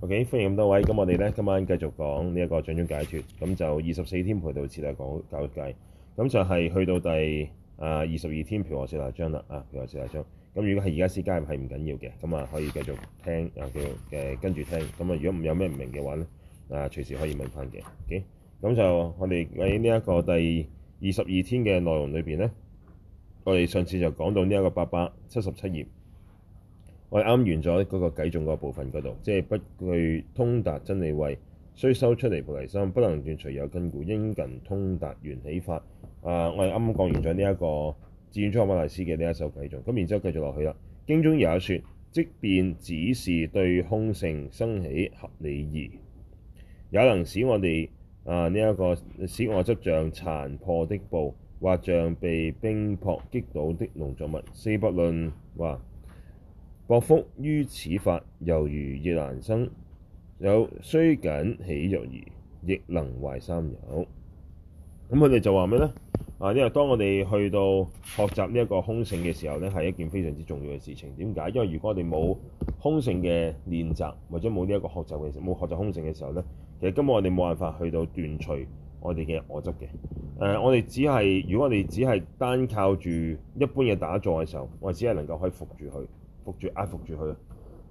OK，歡迎咁多位，咁我哋咧今晚繼續講呢一個掌中解脫，咁就二十四天陪到次，立講教育界，咁就係去到第啊二十二天陪我四十章啦，啊陪我四十章，咁如果係而家先加入係唔緊要嘅，咁啊可以繼續聽啊叫跟住聽，咁啊如果唔有咩唔明嘅話咧，啊隨時可以問翻嘅，OK，咁就我哋喺呢一個第二十二天嘅內容裏面咧，我哋上次就講到呢一個八百七十七頁。我哋啱完咗嗰個偈頌嗰部分嗰度，即係不具通達真實慧，雖修出離菩提心，不能斷除有根故，應勤通達緣起法。啊、呃，我哋啱啱講完咗呢一個智圓初學馬大師嘅呢一首偈頌，咁然之後繼續落去啦。經中有也說，即便只是對空性生起合理疑，也能使我哋啊呢一個使我執像殘破的布，或像被冰雹擊倒的農作物。四百論話。薄福於此法，猶豫亦難生。雖僅起猶豫，亦能壞三有。咁佢哋就話咩咧？啊，因為當我哋去到學習呢一個空性嘅時候咧，係一件非常之重要嘅事情。點解？因為如果我哋冇空性嘅練習，或者冇呢一個學習嘅冇學習空性嘅時候咧，其實根本我哋冇辦法去到斷除我哋嘅我執嘅。誒、呃，我哋只係如果我哋只係單靠住一般嘅打坐嘅時候，我哋只係能夠可以伏住佢。壓服住啊，壓服住佢啊，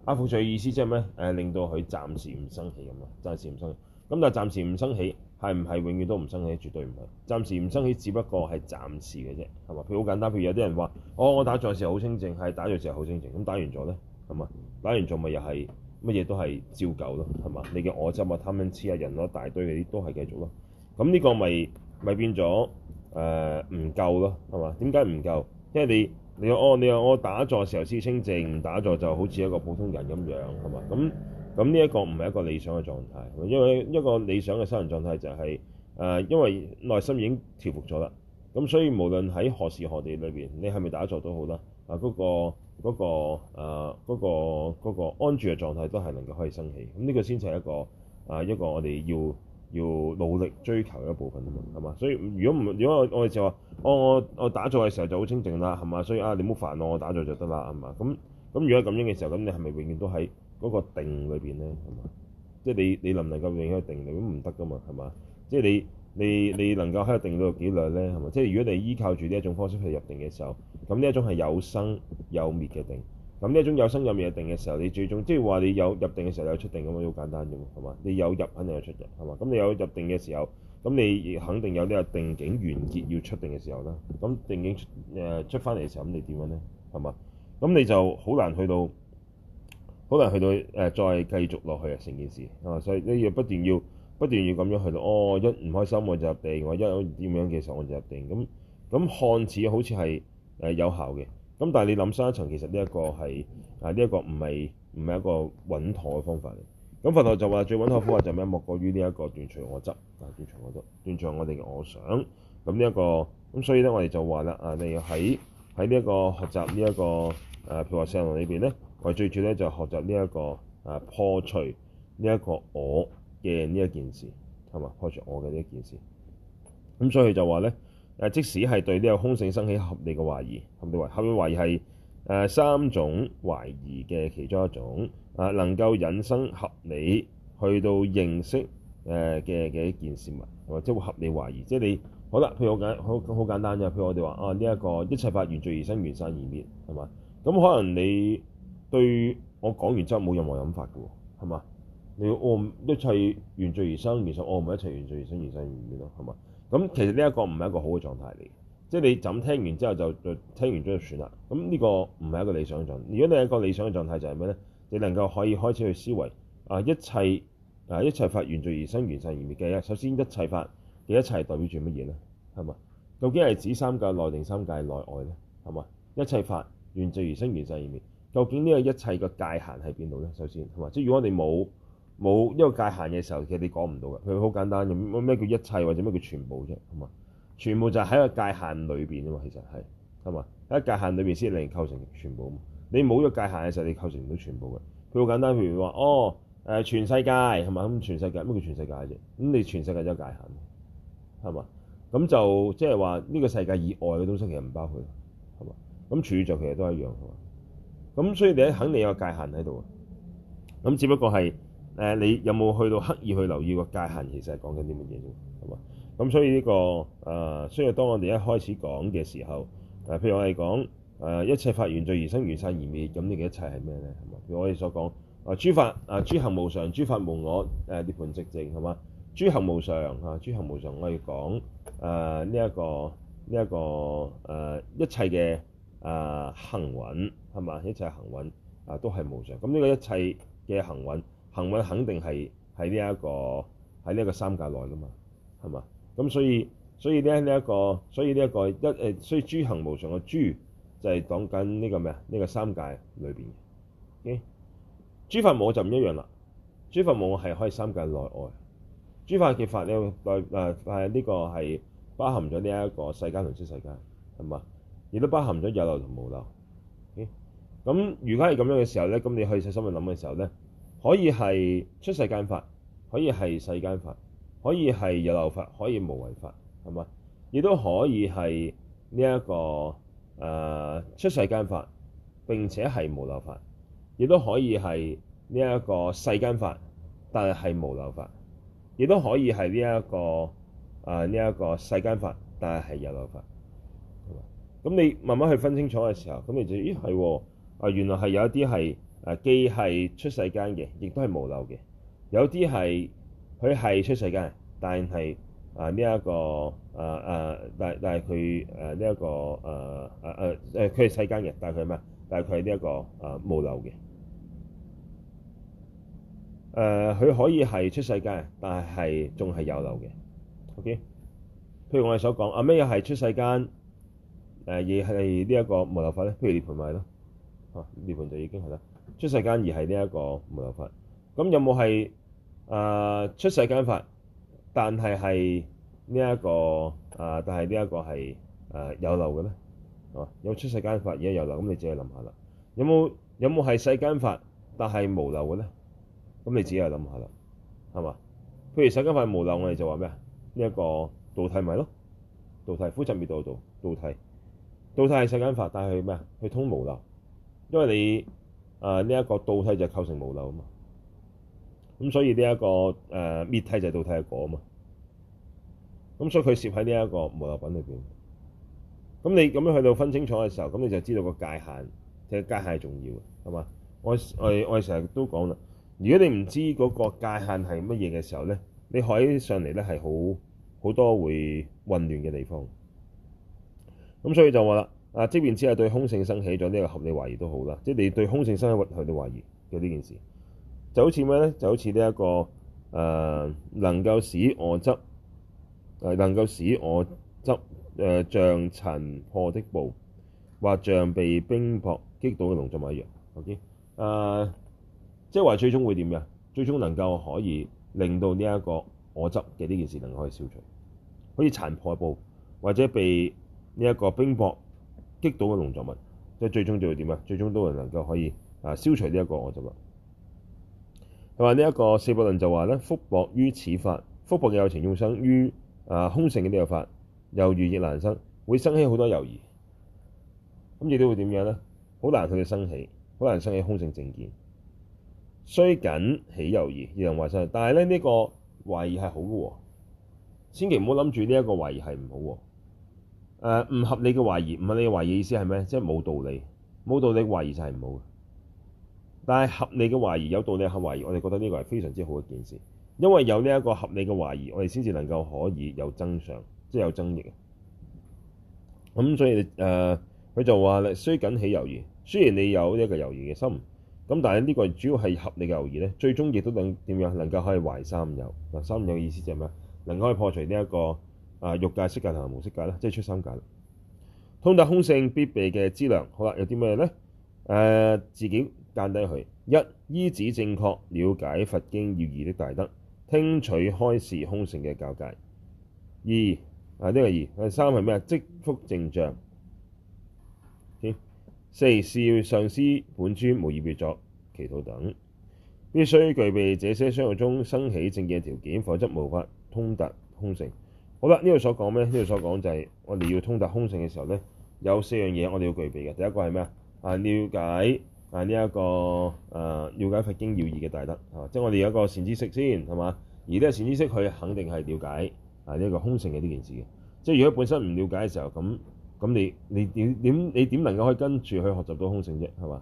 壓服住意思即係咩？誒、呃，令到佢暫時唔生氣咁啊，暫時唔生氣。咁但係暫時唔生氣，係唔係永遠都唔生氣？絕對唔係。暫時唔生氣，只不過係暫時嘅啫，係嘛？譬如好簡單，譬如有啲人話，哦，我打坐時好清靜，係打坐時好清靜。咁打完咗咧，係嘛？打完咗咪又係乜嘢都係照舊咯，係嘛？你嘅我執啊，貪嗔癡啊，人咯，一大堆嗰啲都係繼續咯。咁，嗯，呢個咪咪變咗誒唔夠咯，係嘛？點解唔夠？因為你。你話我，哦，你話我打坐的時候先清靜，唔打坐就好似一個普通人咁樣，係嘛？咁咁呢一個唔係一個理想嘅狀態，因為一個理想嘅修行狀態就係、是、誒、呃，因為內心已經調服咗啦。咁所以無論喺何時何地裏邊，你係咪打坐都好啦，啊、那、嗰個嗰、那個誒、呃、那個那個那個、安住嘅狀態都係能夠可以生起。咁呢個先係一個啊、呃、一個我哋要。要努力追求一部分啊嘛，係嘛？所以如果唔如果我我哋就話我我我打坐嘅時候就好清靜啦，係、哦、嘛？所以啊，你唔好煩我，我打坐就得啦，係嘛？咁咁、啊、如果咁樣嘅時候，咁你係咪永遠都喺嗰個定裏邊咧？係嘛？即係你你能唔能夠永遠定，喺定裏邊？你都唔得噶嘛，係嘛？即係你你你能夠喺定裏邊幾耐咧？係嘛？即係如果你依靠住呢一種方式去入定嘅時候，咁呢一種係有生有滅嘅定。咁呢一種有生有命入定嘅時候，你最終即係話你有入定嘅時候有出定，咁樣好簡單啫嘛，係嘛？你有入肯定有出定，係嘛？咁你有入定嘅時候，咁你肯定有呢個定境完結要出定嘅時候啦。咁定境、呃、出翻嚟嘅時候，咁你點樣咧？係嘛？咁你就好難去到，好難去到、呃、再繼續落去啊，成件事係嘛，所以你要不斷要不斷要咁樣去到哦，一唔開心我就入定，我一點樣嘅時候我就入定，咁咁看似好似係、呃、有效嘅。咁但係你諗深一層，其實呢一個係啊，呢一個唔係唔係一個穩妥嘅方法嚟。咁佛陀就話最穩妥嘅方法就係咩？莫過於呢一個斷除我執。啊，斷除我執，斷除我哋嘅我、我想。咁呢一個咁所以咧，我哋就話啦啊，你喺喺呢一個學習呢一個啊譬如話聖龍呢邊咧，我最主咧就學習呢一個啊破除呢一個我嘅呢一件事係嘛？破除我嘅呢一件事。咁所以就話咧，誒，即使係對呢個空性生起合理嘅懷疑，合理懷合理懷疑係誒、呃、三種懷疑嘅其中一種，啊、呃、能夠引生合理去到認識誒嘅嘅一件事物，或者會合理懷疑，即係你好啦，譬如我簡好好簡單啫，譬如我哋話啊呢、這個、一個一切法緣聚而生，緣散而滅，係嘛？咁可能你對我講完之後冇任何諗法嘅喎，係嘛？你我一切緣聚而生，其實我咪一切緣聚而生，緣散而滅咯，係嘛？咁其實呢一個唔係一個好嘅狀態嚟，即係你就咁就聽完之後就就聽完咗就算啦。咁呢個唔係一個理想嘅狀態。如果你係一個理想嘅狀態就係咩呢？你能夠可以開始去思維啊，一切啊，一切法緣起而生，緣起而滅嘅。首先，一切法嘅一切代表住乜嘢呢？係嘛？究竟係指三界內定三界內外呢？係嘛？一切法緣起而生，緣起而滅。究竟呢個一切嘅界限喺邊度呢？首先係嘛？即係如果你冇冇一個界限嘅時候，其實你講唔到嘅。佢好簡單嘅咩叫一切或者咩叫全部啫？咁啊，全部就喺個界限裏邊啊嘛。其實係係嘛喺界限裏邊先令構成全部。嘛。你冇咗界限嘅時候，你構成唔到全部嘅。佢好簡單，譬如話哦誒、呃，全世界係嘛咁？全世界咩叫全世界啫咁，你全世界都有界限，係嘛咁就即係話呢個世界以外嘅東西其實唔包括係嘛咁處著其實都係一樣嘅。咁所以你肯定有個界限喺度啊。咁只不過係。誒，你有冇去到刻意去留意個界限？其實係講緊啲乜嘢啫？係嘛咁，所以呢、這個誒、呃，所以當我哋一開始講嘅時候，誒、呃，譬如我哋講誒一切法緣聚而生，緣散而滅。咁你嘅一切係咩咧？係嘛，譬如我哋所講啊、呃，諸法啊、呃，諸行無常，諸法無我，誒、呃，涅槃寂靜係嘛，諸行無常嚇、啊，諸行無常，我哋講誒呢一個呢一個誒一切嘅誒行蘊係嘛，一切行蘊、呃、啊都係無常。咁呢個一切嘅行蘊。行運肯定係喺呢一個喺呢個三界內噶嘛，係嘛？咁所以所以咧呢一個，所以呢、這、一個一誒、這個，所以諸行無常嘅諸就係講緊呢個咩啊？呢、這個三界裏邊嘅。誒、okay？諸法無我就唔一樣啦。諸法無我係可以三界內外的。諸法結法咧，誒誒呢個係包含咗呢一個世間同出世間，係嘛？亦都包含咗有漏同無漏。誒，咁如果係咁樣嘅時候咧，咁你去細心去諗嘅時候咧。可以係出世間法，可以係世間法，可以係有漏法，可以係無為法，係咪？亦都可以係呢一個誒、呃、出世間法，並且係無漏法；亦都可以係呢一個世間法，但係係無漏法；亦都可以係呢一個誒呢一個世間法，但係係有漏法。咁你慢慢去分清楚嘅時候，咁你就，咦，係喎啊，原來係有一啲係。啊，既係出世間嘅，亦都係無漏嘅。有啲係佢係出世間的，但係啊呢一個啊啊，但係、呃、但係佢誒呢一個啊啊啊誒，佢、呃、係、呃、世間嘅，但係佢係咩？但係佢係呢一個啊、呃、無漏嘅。誒、呃，佢可以係出世間，但係仲係有漏嘅。OK，譬如我哋所講啊，咩嘢係出世間誒而係呢一個無漏法咧？譬如涅槃咪咯？啊，涅槃就已經係啦。出世間而係呢一個無漏法，咁有冇係誒出世間法，但係係呢一個誒、呃，但係、呃、呢一個係誒有漏嘅咧，有出世間法而有漏，咁你自己諗下啦。有冇有冇係世間法，但係無漏嘅咧？咁你自己諗下啦，係嘛？譬如世間法無漏，我哋就話咩啊？呢、這、一個道體咪咯，道體夫雜未到道道體道體係世間法，但係去咩啊？去通無漏，因為你。啊！呢一個倒梯就構成無漏啊嘛，咁所以呢一個誒滅梯就倒梯嘅果啊嘛，咁所以佢攝喺呢一個無漏品裏面。咁你咁樣去到分清楚嘅時候，咁你就知道個界限，其實界限係重要嘅，係嘛？我我我成日都講啦，如果你唔知嗰個界限係乜嘢嘅時候咧，你海上嚟咧係好好多會混亂嘅地方。咁所以就話啦。啊！即便只係對空性生起咗呢個合理懷疑都好啦，即、就、係、是、你對空性生起合理懷疑嘅呢件事，就好似咩咧？就好似呢一個誒、呃、能夠使我執誒能夠使我執誒像殘破的布或像被冰雹擊倒嘅農作物一樣。O.K. 誒、呃，即係話最終會點嘅？最終能夠可以令到呢、這、一個我執嘅呢件事能夠可以消除，好似殘破布或者被呢一個冰雹。擊倒嘅農作物，即係最終就會點啊？最終都係能夠可以啊消除呢一個我執。同埋呢一個四百論就話咧，福薄於此法，福薄嘅有情眾生於啊、呃、空性嘅呢個法，猶豫亦難生，會生起好多猶疑。咁亦都會點樣咧？好難去生起，好難生起空性正見。雖僅起猶疑，亦能壞三有。但係咧呢個懷疑係好嘅喎，千祈唔好諗住呢一個懷疑係唔好喎。誒、呃、唔合理嘅懷疑，唔合理嘅懷疑嘅意思係咩？即係冇道理，冇道理嘅懷疑就係唔好。但係合理嘅懷疑，有道理嘅懷疑，我哋覺得呢個係非常之好嘅一件事，因為有呢一個合理嘅懷疑，我哋先至能夠可以有真相，即係有爭議啊。咁所以誒，佢、呃、就話啦，雖僅起猶豫。雖然你有一個猶豫嘅心，咁但係呢個主要係合理嘅猶豫咧，最終亦都等點樣能夠可以壞三有嗱。三有意思就係咩？能夠可以破除呢、這、一個。啊！欲界，界，界、色界同無色界咧，即係出三界。通達空性必備嘅資糧，好啦，有啲咩咧？誒、呃，自己間低佢一依止正確了解佛經要義的大德，聽取開示空性嘅教戒；二啊，呢、這個二三係咩啊？積福正像四是要上司本尊無意表作祈禱等，必須具備這些商活中升起正嘅條件，否則無法通達空性。好啦，呢度所講咩咧？呢度所講就係我哋要通達空性嘅時候咧，有四樣嘢我哋要具備嘅。第一個係咩啊？啊，瞭解啊呢一個、這個誒、啊，了解佛經要義嘅大德、啊、即係我哋有一個善知識先係嘛。而呢個善知識佢肯定係瞭解啊呢一個、這個空性嘅呢件事嘅。即係如果本身唔了解嘅時候，咁咁你你點點你點能夠可以跟住去學習到空性啫？係嘛，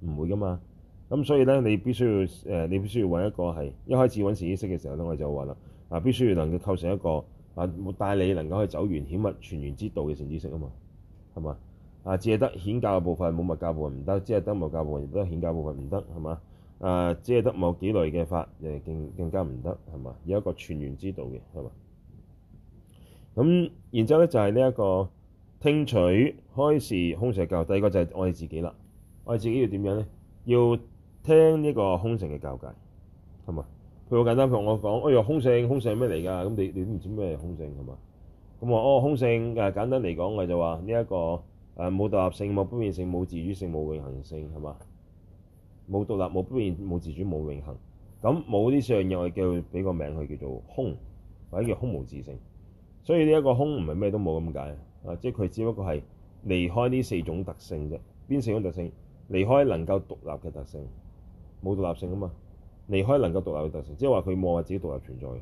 唔會噶嘛。咁所以咧，你必須要誒、呃，你必須要揾一個係一開始揾善知識嘅時候咧，我就話啦，啊必須要能夠構成一個。啊，帶你能夠去走完顯密，全圓之道嘅善知識啊嘛，係嘛？啊，只係得顯教嘅部分冇密教部分唔得，只係得密教部分亦都顯教部分唔得，係嘛？啊，只係得冇幾類嘅法誒更更加唔得，係嘛？有一個全圓之道嘅係嘛？咁然之後咧就係呢一個聽取開示空性嘅教，第二個就係我哋自己啦。我哋自己要點樣咧？要聽呢一個空性嘅教誡，係嘛？佢好簡單，同我講：哎呀，空性，空性係咩嚟㗎？咁你你都唔知咩係空性係嘛？咁話哦，空性誒簡單嚟講我就話呢一個誒冇獨立性、冇不變性、冇自主性、冇永恆性係嘛？冇獨立、冇不變、冇自主、冇永恆，咁冇呢四樣嘢我叫佢俾個名佢叫做空或者叫空無自性。所以呢一個空唔係咩都冇咁解啊，即係佢只不過係離開呢四種特性啫。邊四種特性？離開能夠獨立嘅特性，冇獨立性啊嘛。離開能夠獨立嘅特性，即係話佢望下自己獨立存在嘅。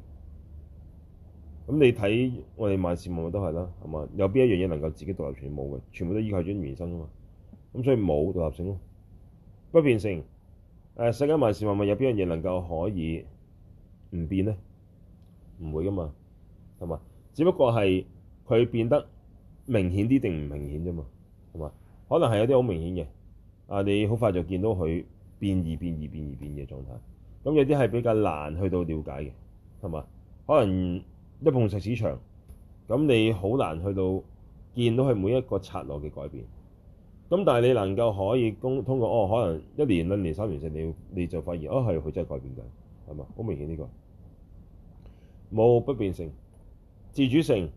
咁你睇我哋萬事萬物都係啦，係嘛？有邊一樣嘢能夠自己獨立存在？冇嘅？全部都依靠咗原生噶嘛。咁所以冇獨立性咯。不變性，誒，世界萬事萬物有邊樣嘢能夠可以唔變咧？唔會噶嘛，係嘛？只不過係佢變得明顯啲定唔明顯啫嘛，係嘛？可能係有啲好明顯嘅，啊，你好快就見到佢變而變而變而變嘅狀態。咁有啲係比較難去到了解嘅，係嘛？可能一碰石市場，咁你好難去到見到佢每一個策略嘅改變。咁但係你能夠可以通通過，哦，可能一年、兩年、三年成年，你就發現，哦，係佢真係改變緊，係嘛？好明顯呢、這個冇不變性、自主性，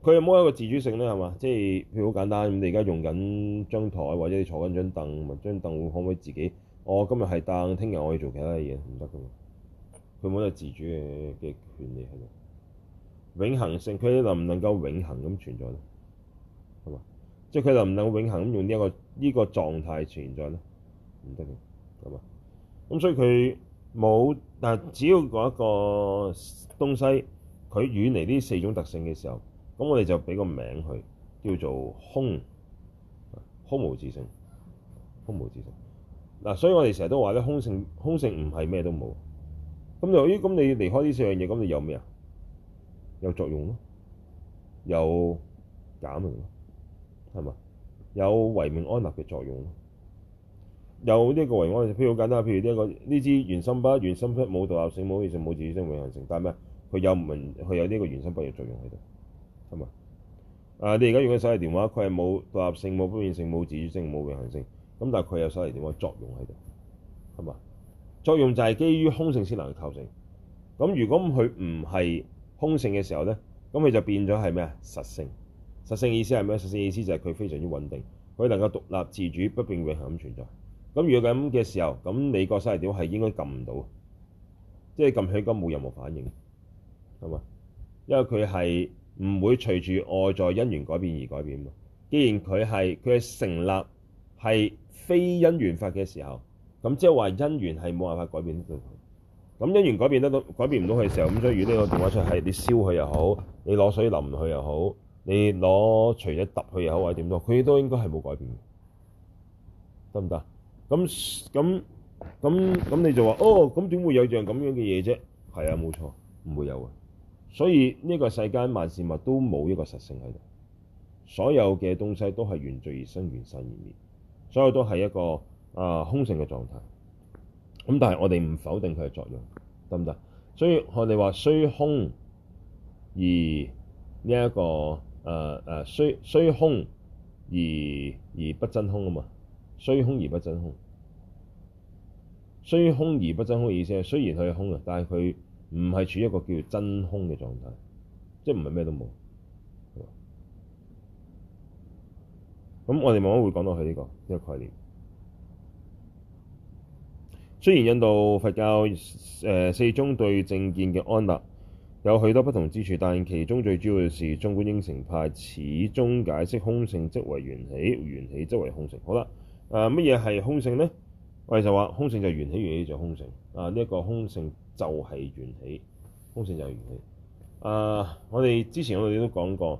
佢有冇一個自主性咧？係嘛？即係譬如好簡單，咁你而家用緊張枱，或者你坐緊張凳，咁啊，張凳會可唔可以自己。哦、今是但我今日係掟，聽日我去做其他嘢唔得㗎嘛。佢冇得自主嘅嘅權利，係咪？永恆性，佢能唔能夠永恆咁存在咧？係咪？即係佢能唔能夠永恆咁用呢一個呢個狀態存在咧？唔得嘅，係咪？咁所以佢冇，但係只要嗰一個東西，佢遠離呢四種特性嘅時候，咁我哋就俾個名佢，叫做空，空無自性，空無自性。嗱，所以我哋成日都話咧，空性空性唔係咩都冇。咁你，咦？咁你離開呢四樣嘢，咁你有咩啊？有作用咯，有假名咯，係嘛？有唯名安立嘅作用咯，有呢一個唯安嘅。譬如好簡單，譬如呢、呢個呢支原心筆，原心筆冇獨立性、冇變性、冇自主性、冇永恆性，但係咩？佢有唔佢有呢個原心筆嘅作用喺度，係嘛？誒，你而家用嘅手提電話，佢係冇獨立性、冇變性、冇自主性、冇永恆性。咁但係佢有手嚟點嘅作用喺度，係嘛？作用就係基於空性先能夠構成。咁如果佢唔係空性嘅時候咧，咁佢就變咗係咩啊？實性，實性意思係咩？實性，意思，實性意思就係佢非常之穩定，佢能夠獨立自主、不變永恆咁存在。咁如果咁嘅時候，咁你個手嚟點係應該撳唔到，即係撳起都冇任何反應，係嘛？因為佢係唔會隨住外在因緣改變而改變嘛。既然佢係佢係成立。係非因緣法嘅時候，咁即係話因緣係冇辦法改變到佢。咁因緣改變得到改變唔到佢嘅時候，咁所以如果呢個電話出係你燒佢又好，你攞水淋佢又好，你攞錘子揼佢又好，或者點都，佢都應該係冇改變嘅，得唔得？咁咁咁咁，你就話哦，咁點會有樣咁樣嘅嘢啫？係啊，冇錯，唔會有啊。所以呢個世間萬事物都冇一個實性喺度，所有嘅東西都係緣聚而生，緣散而滅。所有都係一個啊、呃、空性嘅狀態，咁但係我哋唔否定佢嘅作用，得唔得？所以我哋話雖空而呢、這、一個誒誒、呃、雖雖空而而不真空啊嘛，雖空而不真空。雖空而不真空嘅意思係雖然佢係空嘅，但係佢唔係處於一個叫真空嘅狀態，即係唔係咩都冇。咁我哋慢慢會講到佢呢個呢、這個概念。雖然印度佛教誒、呃、四宗對正見嘅安立有許多不同之處，但其中最主要嘅是，中觀應成派始終解釋空性即為緣起，緣起即為、呃、空性。好啦，誒乜嘢係空性咧？我哋就話空性就緣起，緣起就空性。啊，呢、這、一個空性就係緣起，空性就係緣起。啊，我哋之前我哋都講過。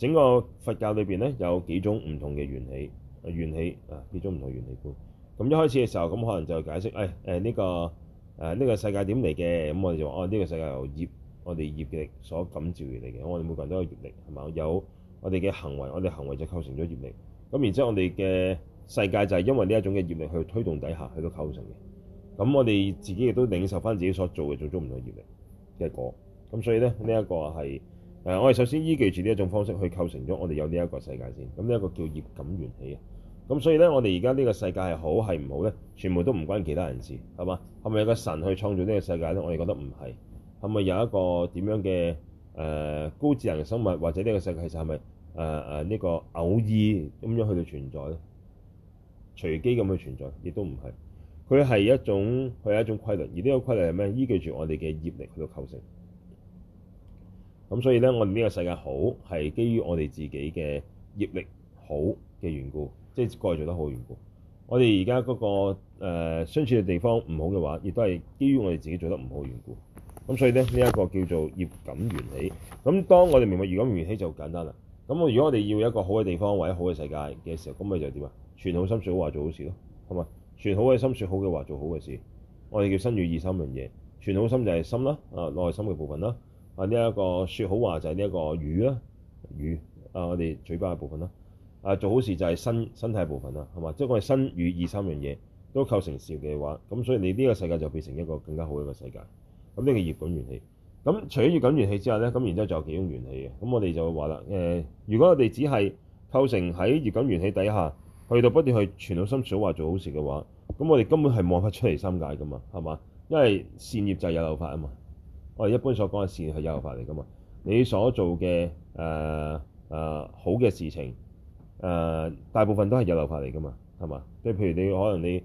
整個佛教裏面咧，有幾種唔同嘅緣起，緣起啊呢種唔同緣起觀。咁一開始嘅時候，咁可能就會解釋誒誒呢個誒呢、呃這個、世界點嚟嘅？咁我哋就話呢、啊這個世界由業，我哋業力所感召而嚟嘅。我哋每個人都有業力，係嘛？有我哋嘅行為，我哋行為就構成咗業力。咁然之後，我哋嘅世界就係因為呢一種嘅業力去推動底下，去到構成嘅。咁我哋自己亦都領受翻自己所做嘅做咗唔同業力嘅果。咁所以咧，呢、這、一個係。誒，我哋首先依據住呢一種方式去構成咗我哋有呢一個世界先。咁呢一個叫業感緣起啊。咁所以咧，我哋而家呢個世界係好係唔好咧，全部都唔關其他人事，係嘛？係咪有個神去創造呢個世界咧？我哋覺得唔係。係咪有一個點樣嘅誒、呃、高智能嘅生物或者呢個世界其實係咪誒誒呢個偶然咁樣去到存在咧？隨機咁去存在亦都唔係。佢係一種佢係一種規律，而呢個規律係咩？依據住我哋嘅業力去到構成。咁所以咧，我哋呢個世界好係基於我哋自己嘅業力好嘅緣故，即係過去做得好嘅緣故。我哋而家嗰個、呃、相處嘅地方唔好嘅話，亦都係基於我哋自己做得唔好嘅緣故。咁所以咧，呢、這、一個叫做業感緣起。咁當我哋明白業感緣起就簡單啦。咁我如果我哋要一個好嘅地方或者一個好嘅世界嘅時候，咁咪就係點啊？存好心，説好話，做好事咯。同埋，存好嘅心，説好嘅話，做好嘅事。我哋叫身口意三樣嘢。存好心就係心啦，啊，內心嘅部分啦。啊！呢、這、一個說好話就係呢一個語啦，語啊！我哋嘴巴嘅部分啦。啊，做好事就係身身體的部分啦，係嘛？即係我哋身語意三樣嘢都構成善嘅話，咁所以你呢個世界就變成一個更加好一個世界。咁呢個業感緣起。咁除咗業感緣起之外咧，咁然之後就有幾種緣起嘅。咁我哋就會話啦，誒、呃，如果我哋只係構成喺業感緣起底下去到不斷去傳到心處，話做好事嘅話，咁我哋根本係望法出嚟三界噶嘛，係嘛？因為善業就係有漏法啊嘛。我哋一般所講嘅善係有漏法嚟噶嘛，你所做嘅誒誒好嘅事情誒、呃，大部分都係有漏法嚟噶嘛，係嘛？即係譬如你可能你誒、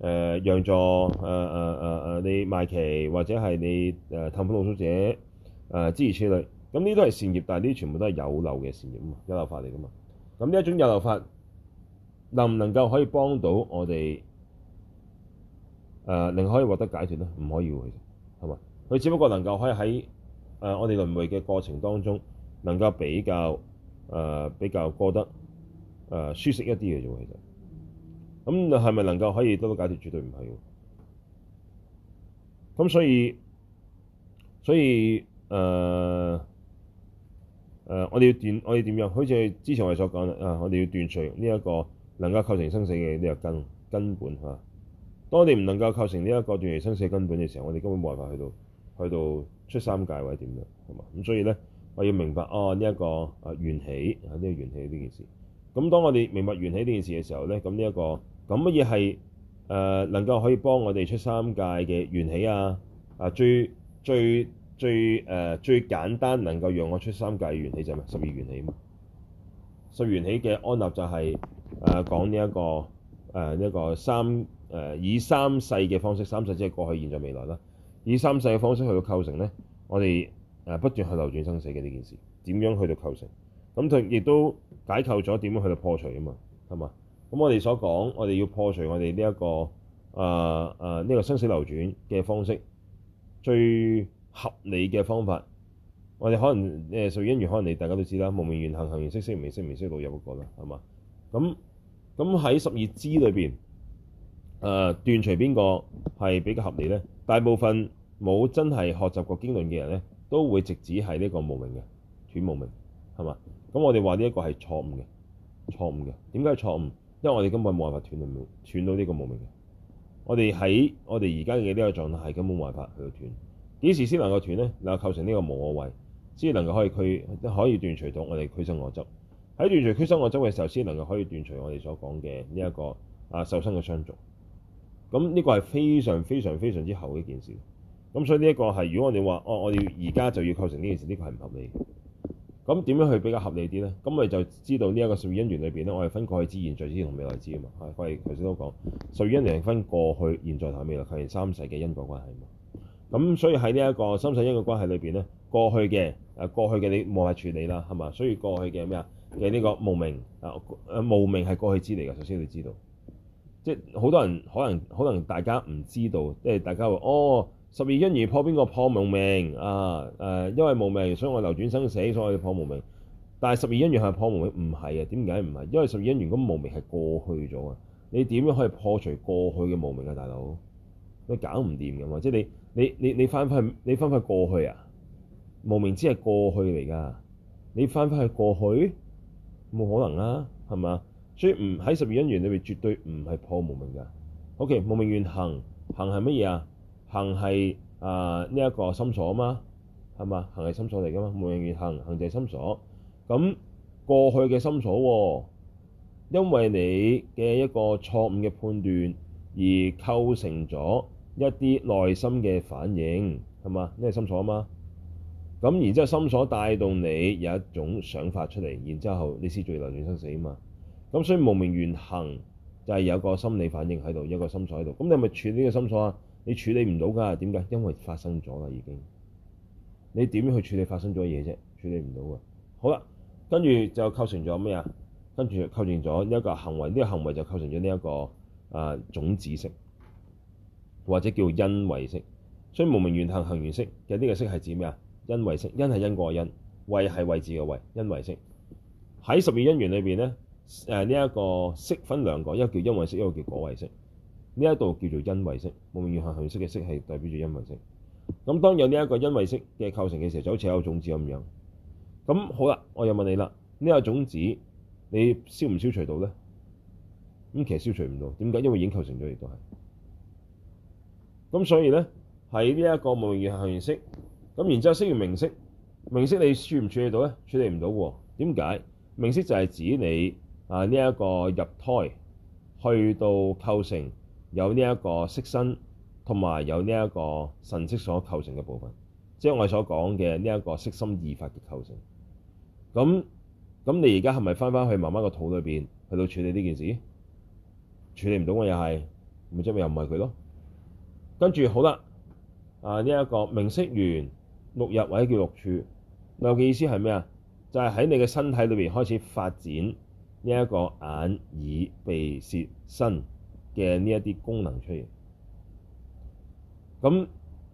呃、讓座誒誒誒誒，你賣旗或者係你誒探訪露宿者，誒諸如此類，咁呢都係善業，但係呢全部都係有漏嘅善業啊嘛，有漏法嚟噶嘛。咁呢一種有漏法能唔能夠可以幫到我哋誒，令、呃、可以獲得解脱咧？唔可以喎，其實係嘛？佢只不過能夠可以喺誒我哋輪迴嘅過程當中，能夠比較誒、呃、比較過得誒、呃、舒適一啲嘅啫。其實咁係咪能夠可以得到解脱？絕對唔係喎。咁所以所以誒誒、呃呃，我哋要斷，我哋點樣？好似之前我哋所講啊，我哋要斷除呢一個能夠構成生死嘅呢個根根本嚇。當我哋唔能夠構成呢一個斷除生死嘅根本嘅時候，我哋根本冇辦法去到。去到出三界或者點樣係嘛？咁所以咧，我要明白哦呢一、呢個啊緣起啊呢、呢個緣起呢件事。咁當我哋明白緣起呢件事嘅時候咧，咁呢一個咁乜嘢係誒能夠可以幫我哋出三界嘅緣起啊？啊最最最誒、呃、最簡單能夠讓我出三界嘅緣起就係咩十二緣起啊嘛。十二緣起嘅安立就係、是、誒、呃、講呢、呢、一個誒一、呃呢個三誒、呃、以三世嘅方式，三世即係過去、現在、未來啦。以三世嘅方式去到構成咧，我哋誒不斷去流轉生死嘅呢件事，點樣去到構成咁？佢亦都解構咗點樣去到破除啊嘛，係嘛？咁我哋所講，我哋要破除我哋呢一個誒誒呢個生死流轉嘅方式最合理嘅方法，我哋可能誒十二因緣，可能你大家都知啦，無名緣行行完識識唔識，識唔識老友嗰個啦，係嘛？咁咁喺十二支裏面，誒、呃、斷除邊個係比較合理咧？大部分冇真係學習過經論嘅人咧，都會直指係呢個無明嘅斷無明。係嘛？咁我哋話呢一個係錯誤嘅，錯誤嘅。點解係錯誤？因為我哋根本冇辦法斷，斷到到呢個無明嘅。我哋喺我哋而家嘅呢個狀態係根本冇辦法去到斷。幾時先能夠斷咧？嗱，構成呢個無我位，先能夠可以佢可，可，可以斷除到我哋俱生我執。喺斷除俱生我執嘅時候，先能夠可以斷除我哋所講嘅呢一個啊受身嘅相咁呢個係非常非常非常之厚嘅一件事，咁所以呢一個係如果我哋話哦，我哋而家就要構成呢件事，呢個係唔合理。咁點樣去比較合理啲咧？咁我哋就知道呢一個十二因緣裏邊咧，我係分過去之、現在之同未來之啊嘛。我哋頭先都講十二因緣分過去、現在同未來，強連三世嘅因果關係嘛。咁所以喺呢一個三世因果關係裏面咧，過去嘅誒過去嘅你冇係處理啦，係嘛？所以過去嘅咩啊嘅呢個無明，啊誒無明係、啊、過去之嚟嘅，首先你知道。即係好多人可能可能大家唔知道，即係大家話：哦，十二因緣破邊個破無明啊？誒、啊，因為無明，所以我流轉生死，所以我破無明。」但係十二因緣係破無明，唔係啊？點解唔係？因為十二因緣，如果無明係過去咗啊，你點樣可以破除過去嘅無明啊，大佬？你搞唔掂㗎嘛？即係你你你你翻翻你翻翻過去,過去,過去啊？無明只係過去嚟㗎，你翻翻去過去冇可能啦，係嘛？所以唔喺十二姻緣裏面絕對唔係破無名噶。OK，好嘅，呃，這個，無名緣行，行係乜嘢啊？行係啊呢一個心所啊，係嘛？行係心所嚟噶嘛？無名緣行，行就係心所，咁過去嘅心所，因為你嘅一個錯誤嘅判斷而構成咗一啲內心嘅反應，係嘛？呢係心所啊嘛。咁然之後心所帶動你有一種想法出嚟，然之後你先最流轉生死啊嘛。咁所以無明緣行就係有個心理反應喺度，有一個心所喺度。咁你係咪處理呢個心所啊？你處理唔到㗎，點解？因為發生咗啦，已經。你點樣去處理發生咗嘢啫？處理唔到㗎。好啦，跟住就構成咗咩啊？跟住構成咗一個行為，呢、一個行為就構成咗呢一個啊、呃、種子識，或者叫因位識。所以無明緣行行緣識嘅呢個識係指咩啊？因位識，因係因果嘅因，位係位置嘅位，因位識喺十二因緣裏邊咧。誒呢一個識分兩個，一個叫因位識，一個叫果位識。呢一度叫做因位識，無明緣行行緣識嘅識係代表住因位識。咁當有呢一個因位識嘅構成嘅時候，就好似有種子咁樣。咁好啦，我又問你啦，呢、這個種子你消唔消除到咧？咁其實消除唔到，點解？因為已經構成咗，亦都係。咁所以咧，喺呢一個無明緣行行緣識。咁然之後，識完名色，名色你處唔處理到咧？處理唔到喎。點解？名色就係指你。啊！呢、這、一個入胎去到構成有呢一個色身，同埋有呢一個神識所構成嘅部分，即係我哋所講嘅呢一個色心二法嘅構成。咁咁，你而家係咪翻翻去媽媽個肚裏面，去到處理呢件事？處理唔到嘅又係咪即咪又唔係佢咯？跟住好啦，啊呢一、這個名色完六入或者叫六處，六嘅意思係咩啊？就係、是、喺你嘅身體裏面開始發展。呢、這、一個眼耳鼻舌身嘅呢一啲功能出現，咁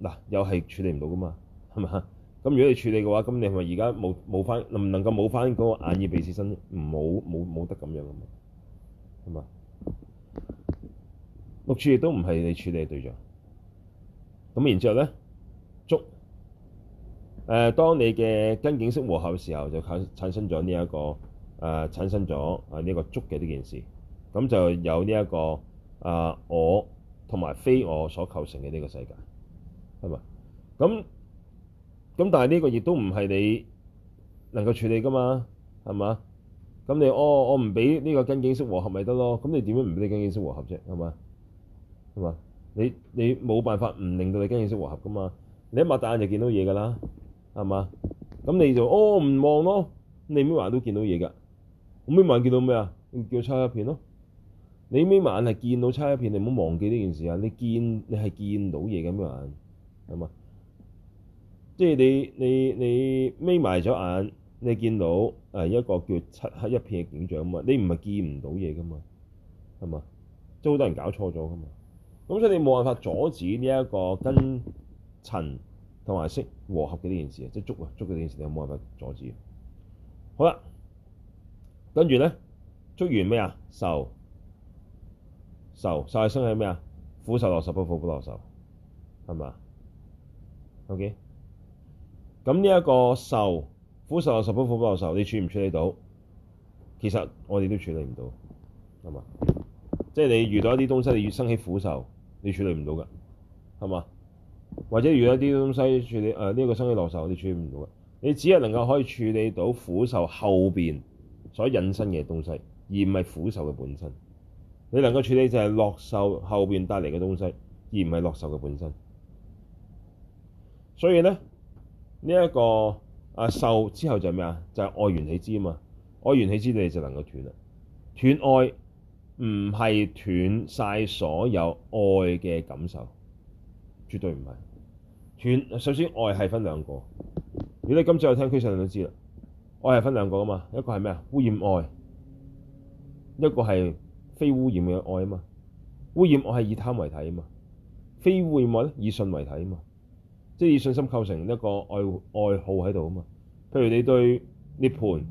嗱、啊、又係處理唔到噶嘛，係咪？咁如果你處理嘅話，咁你係咪而家冇冇翻，能唔能夠冇翻嗰個眼耳鼻舌身？唔好冇冇得咁樣嘅嘛？係嘛？六處亦都唔係你處理嘅對象，咁然之後咧捉。誒、呃，當你嘅根境識和合嘅時候，就產產生咗呢一個。誒、呃、產生咗誒呢個觸嘅呢件事，咁就有呢、這、一個啊、呃、我同埋非我所構成嘅呢個世界，係嘛？咁咁但係呢個亦都唔係你能夠處理噶嘛，係嘛？咁你哦，我唔俾呢個根境識和合咪得咯？咁你點樣唔俾根境識和合啫？係嘛？係嘛？你你冇辦法唔令到你根境識和合噶嘛？你一擘大眼就見到嘢㗎啦，係嘛？咁你就哦唔望咯，你每話都見到嘢㗎。咁眯埋眼見到咩啊？叫漆黑一片咯。你眯埋眼係見到漆黑一片，你唔好忘記呢件事啊！你見你係見到嘢嘅眯眼，係嘛？即係你你你眯埋咗眼，你見到誒一個叫漆黑一片嘅景象啊嘛！你唔係見唔到嘢噶嘛？係嘛？即係好多人搞錯咗噶嘛。咁所以你冇辦法阻止呢一個跟塵同埋色和合嘅呢件事啊！即係捉捉嘅呢件事，你冇辦法阻止。好啦。跟住咧，捉完咩啊？受受，受係生起咩啊？苦受樂受不苦不樂受係咪啊？OK，咁呢一個受苦受樂受不苦不樂受，okay？你處理唔處理到？其實我哋都處理唔到，係嘛？即係你遇到一啲東西，你越生起苦受，你處理唔到㗎，係嘛？或者遇到一啲東西處理誒呢、呃這個生起樂受，你處理唔到嘅。你只係能夠可以處理到苦受後面。所引申嘅東西，而唔係苦受嘅本身。你能夠處理就係樂受後邊帶嚟嘅東西，而唔係樂受嘅本身。所以咧，呢、這、一個啊受之後就係咩啊？就係、是、愛緣起支啊嘛。愛緣起支，你就能夠斷啦。斷愛唔係斷晒所有愛嘅感受，絕對唔係。斷首先愛係分兩個。如果你今次有聽區上，你都知啦。愛係分兩個噶嘛，一個係咩啊？污染愛，一個係非污染嘅愛啊嘛。污染愛係以貪為體啊嘛，非污染愛咧以信為體啊嘛，即係以信心構成一個愛愛好喺度啊嘛。譬如你對涅盤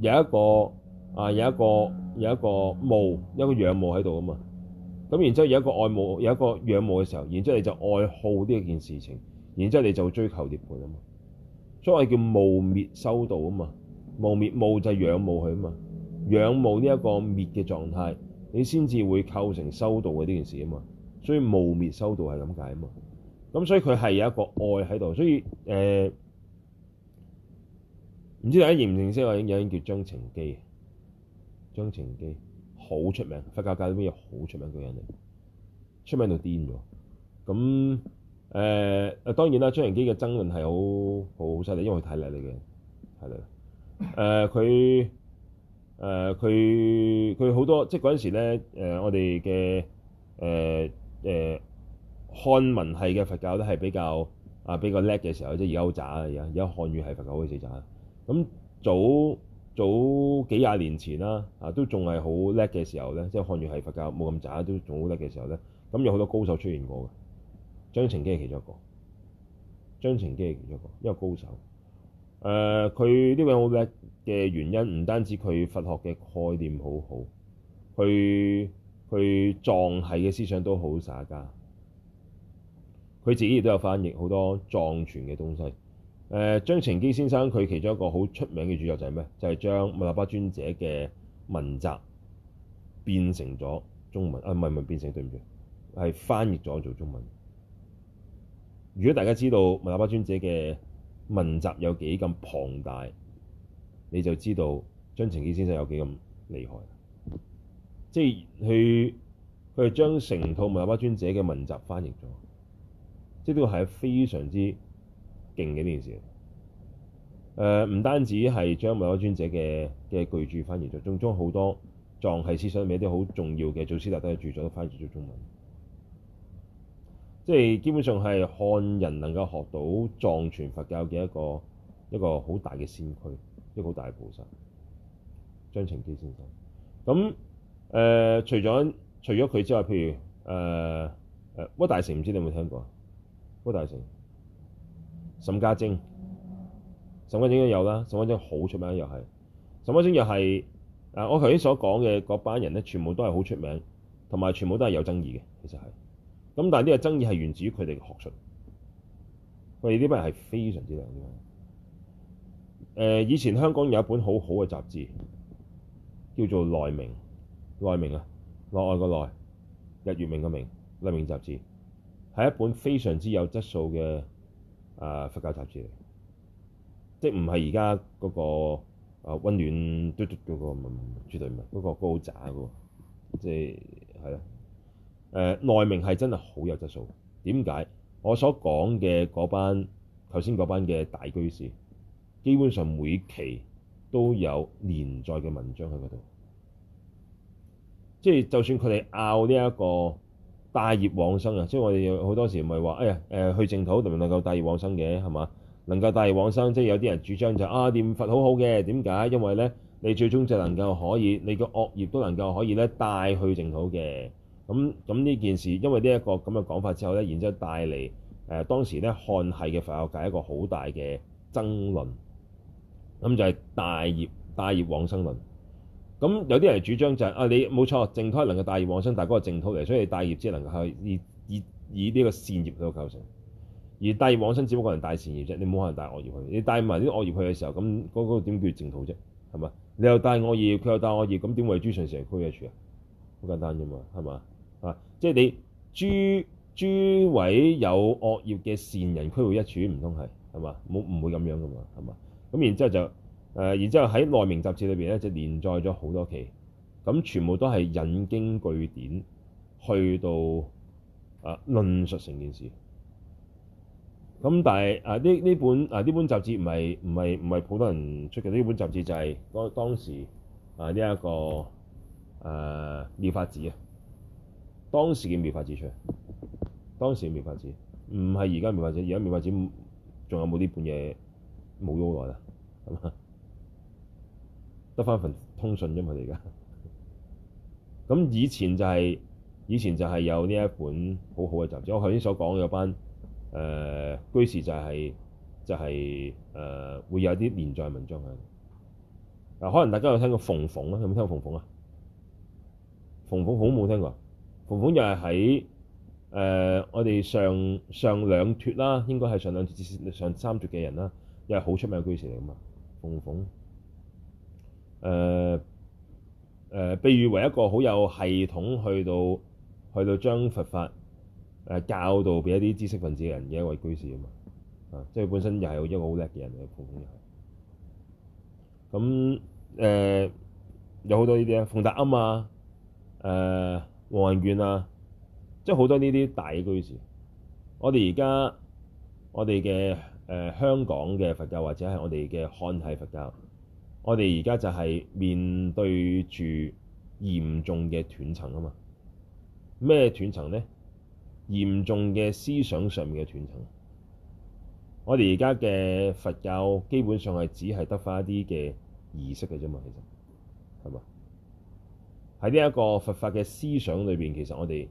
有一個啊有一個有一個慕一個仰慕喺度啊嘛，咁然之後有一個愛慕有一個仰慕嘅時候，然之後你就愛好呢一件事情，然之後你就追求涅盤啊嘛。所謂叫慕滅修道啊嘛，慕滅慕就係仰慕佢啊嘛，仰慕呢一個滅嘅狀態，你先至會構成修道嘅呢件事啊嘛，所以慕滅修道係咁解啊嘛，咁所以佢係有一個愛喺度，所以誒，唔、呃、知大家認唔認識我有人叫張晴基張張晴基好出名，佛教界邊有好出名嘅人嚟，出名到癲咗，咁。誒、呃、當然啦，張良基嘅爭論係好好犀利，因為佢太叻嚟嘅係啦。誒佢誒佢佢好多即係嗰陣時咧，誒、呃、我哋嘅誒誒漢文系嘅佛教都係比較啊比較叻嘅時候，即係而家好渣啊！而家而家漢語系佛教好似渣。咁早早幾廿年前啦、啊，啊都仲係好叻嘅時候咧，即係漢語系佛教冇咁渣，都仲好叻嘅時候咧，咁有好多高手出現過嘅。張澄基係其中一個，張澄基係其中一個，一個高手。誒、呃，佢呢位好叻嘅原因，唔單止佢佛學嘅概念好好，佢佢藏系嘅思想都好耍家。佢自己亦都有翻譯好多藏傳嘅東西。誒、呃，張澄基先生佢其中一個好出名嘅著作就係咩？就係、是、將密勒巴尊者嘅文集變成咗中文啊，唔係唔係變成，對唔住，係翻譯咗做中文。如果大家知道《密勒日巴尊者》嘅文集有幾咁龐大，你就知道張澄基先生有幾咁厲害，即係佢佢係將成套《密勒日巴尊者》嘅文集翻譯咗，即係呢個係非常之勁嘅呢件事。誒、呃，唔單止係將《密勒日巴尊者》嘅嘅巨著翻譯咗，仲將好多藏系思想入面啲好重要嘅祖師大德嘅著作都翻譯咗中文。即係基本上係漢人能夠學到藏傳佛教嘅一個一個好大嘅先驅，一個好大嘅菩薩張澄基先生咁、嗯呃、除咗除咗佢之外，譬如誒誒、呃呃，屈大成唔知你有冇聽過？屈、呃、大成、沈家楨，沈家楨都有啦。沈家楨好出名，又係沈家楨又係我頭先所講嘅嗰班人咧，全部都係好出名，同埋全部都係有爭議嘅，其實係。咁但係呢個爭議係源自於佢哋嘅學術。佢哋呢班人係非常之靚啲。以前香港有一本很好好嘅雜誌，叫做《內明》。內明啊，內外個內，日月明嘅明，《內明雜誌》係一本非常之有質素嘅啊、呃、佛教雜誌嚟，即係唔係而家嗰個啊溫、呃、暖嘟嘟叫嗰個咪絕對唔係，嗰、嗰個好渣喎，即係誒、呃、內明係真係好有質素。點解我所講嘅嗰班頭先嗰班嘅大居士，基本上每期都有連載嘅文章喺嗰度。即係就算佢哋拗呢一個大業往生啊，即係我哋好多時唔係話誒誒去淨土能唔能夠大業往生嘅係嘛？能夠大業往生，即係有啲人主張就是、啊，念佛好好嘅。點解？因為咧，你最終就能夠可以你個惡業都能夠可以咧帶去淨土嘅。咁咁呢件事，因為呢一個咁嘅講法之後咧，然之後帶嚟誒當時咧漢系嘅佛教界一個好大嘅爭論。咁就係帶業帶業往生論。咁有啲人主張就係、是、啊，你冇錯淨土能夠帶業往生，但係嗰個淨土嚟，所以你帶業只能夠係以以以呢個善業去到構成。而帶業往生只不過係大善業啫，你冇可能帶惡業去。你帶埋啲惡業去嘅時候，咁嗰個點叫淨土啫？係咪？你又帶惡業，佢又帶惡業，咁點維持常社區嘅住啊？好簡單啫嘛，係嘛？即係你諸諸位有惡業嘅善人，居會一處唔通係係嘛？冇，唔會咁樣噶嘛？係嘛？咁然之後就誒、呃，然之後喺內明雜誌裏邊咧，就連載咗好多期，咁全部都係引經據典去到誒、啊、論述成件事。咁但係誒呢呢本誒呢、啊、本雜誌唔係唔係唔係普通人出嘅，呢本雜誌就係當，當時時啊呢一個誒妙法寺啊。這個啊當時嘅妙法寺出，當時嘅妙法寺唔係而家妙法寺，而家妙法寺仲有冇呢本嘢冇咗好耐啦？係嘛得翻份通訊啫嘛！而家咁以前就係、是、以前就係有呢一本很好好嘅雜誌，我頭先所講有班誒、呃、居士就係、是、就係、是、誒、呃、會有啲連載文章喺度嗱，可能大家有聽過馮馮啊？有冇聽過馮馮啊？馮馮好冇聽過馮馮馮馮馮馮鳳鳳又係喺誒我哋上上兩脱啦，應該係上兩脱上三脱嘅人啦，又係好出名嘅居士嚟噶嘛。鳳鳳誒、誒被譽為一個好有系統去到去到將佛法誒、呃、教導俾一啲知識分子嘅人嘅一位居士啊嘛，啊即係本身又係一個好叻嘅人嚟，鳳鳳又係。咁誒、呃、有好多呢啲咧，鳳達啊嘛誒。呃王仁願啊，即係好多呢啲大居士。我哋而家我哋嘅誒香港嘅佛教或者是我們的係我哋嘅漢地佛教，我哋而家就係面對住嚴重嘅斷層啊嘛。咩斷層咧？嚴重嘅思想上面嘅斷層。我哋而家嘅佛教基本上係只係得翻一啲嘅儀式嘅啫嘛，其實，係嘛？喺呢一個佛法嘅思想裏邊，其實我哋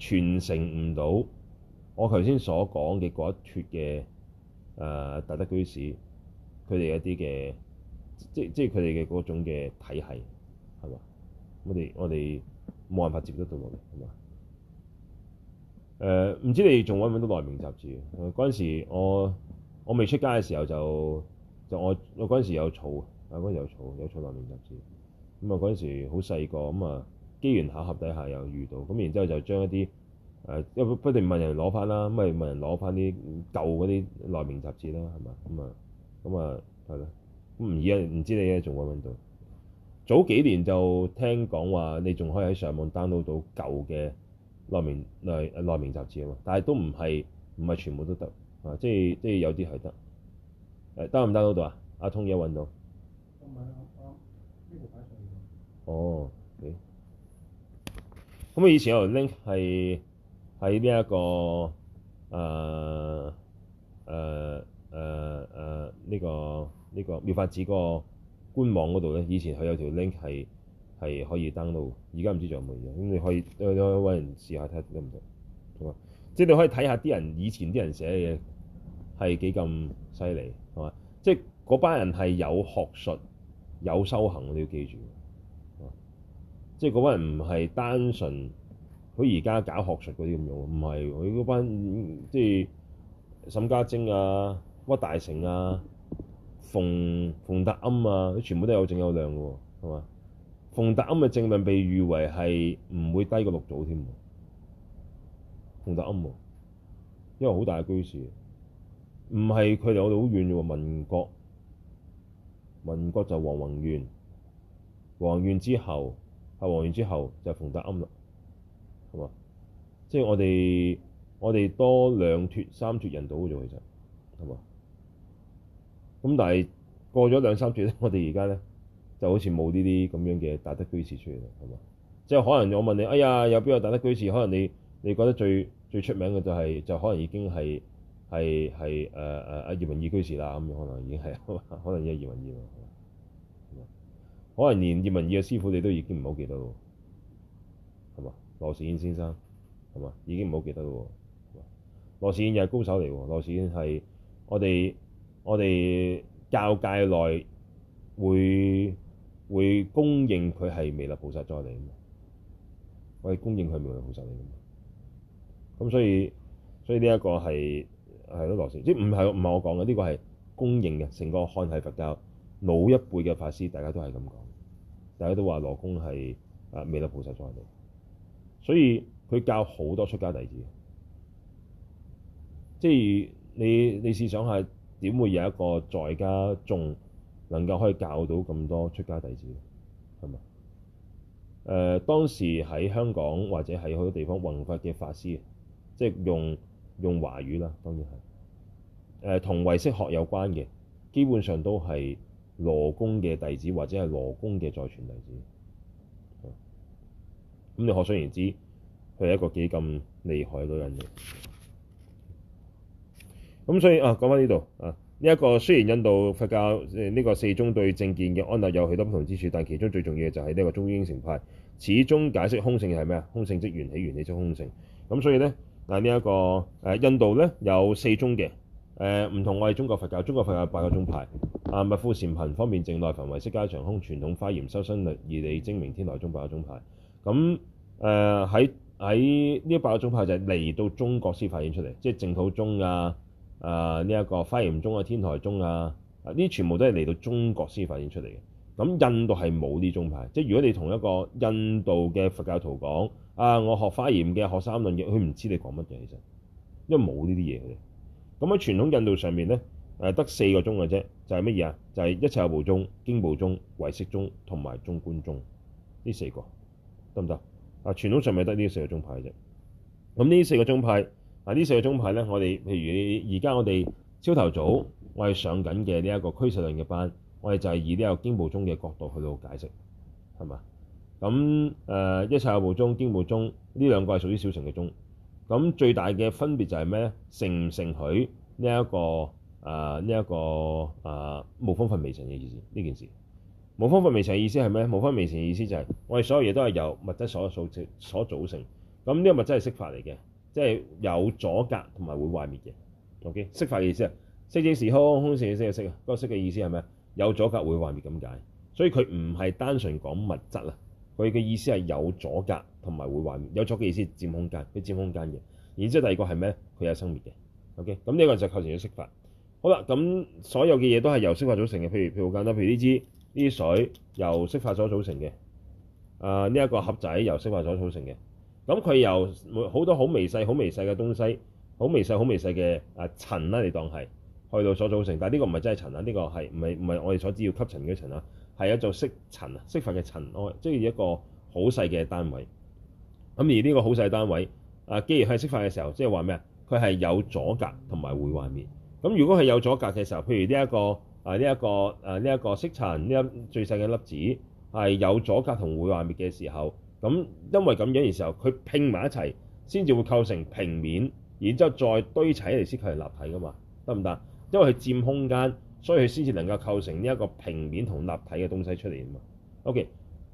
傳承唔到我頭先所講嘅嗰一撮嘅誒大德居士佢哋一啲嘅即即係佢哋嘅嗰種嘅體系，係嘛？我哋我哋冇辦法接得到落嚟，係嘛？誒、呃，唔知你仲揾唔揾到內明雜誌？嗰、呃、陣時我我未出街嘅時候就就我我嗰陣時有儲啊，嗰陣有儲有儲內明雜誌。咁啊，嗰陣時好細個，咁啊，機緣巧合底下又遇到，咁然之後就將一啲誒，因、呃、不斷問人攞翻啦，咁咪問人攞翻啲舊嗰啲內明雜誌啦，係嘛，咁啊，咁啊，係咯，咁而家唔知你咧仲揾唔到？早幾年就聽講話你仲可以喺上網 download 到舊嘅內明內內明雜誌啊嘛，但係都唔係唔係全部都得啊，即係即係有啲係得，誒 down 唔 download 到啊？阿、啊、通嘢揾到？哦，咁以前有條 link 係喺呢一個誒誒誒誒呢個呢、這個妙法寺個官網嗰度咧。以前佢有條 link 係係可以登到，而家唔知仲有冇嘢。咁你可以去去揾人試下睇下得唔得。好啊，即係你可以睇下啲人以前啲人寫嘅嘢係幾咁犀利，係嘛？即係嗰班人係有學術有修行，你要記住。即係嗰班人唔係單純，佢而家搞學術嗰啲咁樣，唔係佢嗰班即係沈家晶啊、屈大成啊、馮馮達庵啊，全部都有證有量嘅喎，係嘛？馮達庵嘅證量被譽為係唔會低過六祖添。馮達庵、啊，因為好大嘅居士，唔係佢離我哋好遠啫喎。民國，民國就黃宏元，黃宏元之後。阿王完之後就係馮達庵啦，係嘛？即、就、係、是、我哋我哋多兩脱三脱人到咗其實係嘛？咁但係過咗兩三脱咧，我哋而家咧就好似冇呢啲咁樣嘅大德居士出嚟啦，係嘛？即係可能我問你，哎呀有邊個大德居士？可能你你覺得最最出名嘅就係、是、就可能已經係係係誒誒阿葉文義居士啦，咁樣可能已經係可能係葉文義啦。可能連葉文義嘅師傅你都已經唔好記得咯，係嘛？羅士燕先生係嘛？已經唔好記得咯。羅士燕又係高手嚟喎，羅士燕係我哋我哋教界內會會公認佢係彌勒菩薩再嚟，我哋公認佢彌勒菩薩嚟啊，咁所以所以呢一個係係咯，羅士即唔係唔係我講嘅呢個係公認嘅，成個漢系佛教老一輩嘅法師大家都係咁講。大家都話羅公係誒彌勒菩薩再嚟度，所以佢教好多出家弟子。即係你你試想下，點會有一個在家眾能夠可以教到咁多出家弟子？係咪？誒、呃、當時喺香港或者喺好多地方弘法嘅法師，即係用用華語啦，當然係誒同唯識學有關嘅，基本上都係。羅公嘅弟子或者係羅公嘅再傳弟子，咁你可想而知，佢係一個幾咁厲害嘅女人嘅。咁所以啊，講翻呢度啊，呢、這、一個雖然印度佛教呢、這個四宗對正見嘅安立有許多不同之處，但其中最重要嘅就係呢個中觀應成派始終解釋空性係咩啊？空性即緣起，緣起即空性。咁所以咧，但呢一、這個誒、啊、印度咧有四宗嘅。誒、呃、唔同我哋中國佛教，中國佛教有八個宗派啊，密富禪貧方便淨、耐煩、唯識嘉祥空傳統華嚴修身律義理精明天、嗯呃啊呃這個啊、天台宗八個宗派。咁誒喺喺呢八個宗派就係嚟到中國先發展出嚟，即係淨土宗啊，啊呢一個華嚴宗啊天台宗啊啊呢全部都係嚟到中國先發展出嚟嘅。咁印度係冇呢啲宗派，即係如果你同一個印度嘅佛教徒講啊，我學華嚴嘅學三論亦佢唔知你講乜嘢。」其實因為冇呢啲嘢佢咁喺傳統印度上面咧，得四個宗嘅啫，就係乜嘢啊？就係、是、一切有部宗、經部宗、唯識宗同埋中觀宗呢四個得唔得啊？傳統上面得呢四個宗派嘅啫。咁呢四個宗派，嗱、啊、呢四個宗派咧，我哋譬如而家我哋朝頭早，我係上緊嘅呢一個俱舍論嘅班，我哋就係以呢個經部宗嘅角度去到解釋，係嘛？咁、呃、一切有部宗、經部宗呢兩個係屬於小乘嘅宗咁最大嘅分別就係咩咧？成唔成許呢、這、一個啊？呢、呃、一、這個啊、呃呃、無方分未成嘅意思呢件事，無方分未成嘅意思係咩咧？無方未成嘅意思就係我哋所有嘢都係由物質所組所組成的。咁呢個物質係色法嚟嘅，即、就、係、是、有阻隔同埋會壞滅嘅。同、okay? 記色法嘅意思啊，色即是空，空即是色啊，色嘅意思係咩？有阻隔會壞滅咁解。所以佢唔係單純講物質啊，佢嘅意思係有阻隔。同埋會幻滅，有咗嘅意思，佔空間，佢佔空間嘅。然之後第二個係咩？佢有生滅嘅。O.K. 咁呢個就係構成咗色法。好啦，咁所有嘅嘢都係由色法組成嘅。譬如，譬好簡單，譬如呢支呢啲水由色法所組成嘅。啊、呃，呢、這、一個盒仔由色法所組成嘅。咁佢由好多好微細、好微細嘅東西，好微細、好微細嘅、呃、啊塵啦，你當係去到所組成，但係呢個唔係真係塵啊，呢、這個係唔係唔係我哋所知要吸塵嘅啲塵啊，係一種色塵啊，色法嘅塵，我即係一個好細嘅單位。咁而呢個好細單位，啊，既然係色法嘅時候，即係話咩啊？佢係有阻隔同埋會幻滅。咁如果係有阻隔嘅時候，譬如呢一個啊，呢一個啊，呢一個色塵，呢一個最細嘅粒子係有阻隔同會幻滅嘅時候，咁因為咁樣嘅時候佢拼埋一齊，先至會構成平面，然之後再堆砌嚟先佢係立體噶嘛？得唔得？因為佢佔空間，所以佢先至能夠構成呢一個平面同立體嘅東西出嚟啊嘛。OK，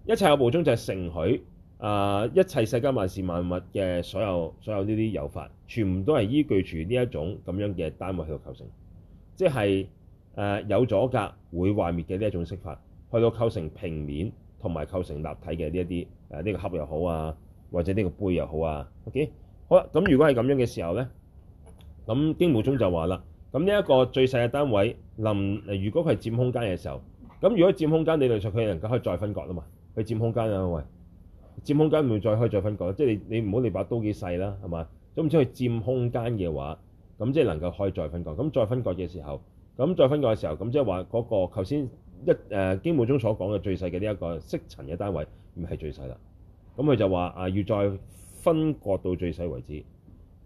一切有部宗就係承許。啊！一切世間萬事萬物嘅所有所有呢啲有法，全部都係依據住呢一種咁樣嘅單位去到構成，即係誒、啊、有阻隔會壞滅嘅呢一種色法，去到構成平面同埋構成立體嘅呢一啲，誒呢個盒又好啊，或者呢個杯又好啊。OK，好啦，咁如果係咁樣嘅時候咧，咁經部中就話啦，咁呢一個最細嘅單位，臨如果佢係佔空間嘅時候，咁如果佔空間，理論上佢能夠可以再分割啦嘛？佢佔空間啊。喂。佔空間唔會再開再分割，即係你你唔好你把刀幾細啦，係嘛？總之佢佔空間嘅話，咁即係能夠開再分割。咁、就是、再分割嘅時候，咁再分割嘅時候，咁即係話嗰個頭先一誒、啊、經本中所講嘅最細嘅呢一個色塵嘅單位，唔係最細啦。咁佢就話啊，要再分割到最細為止，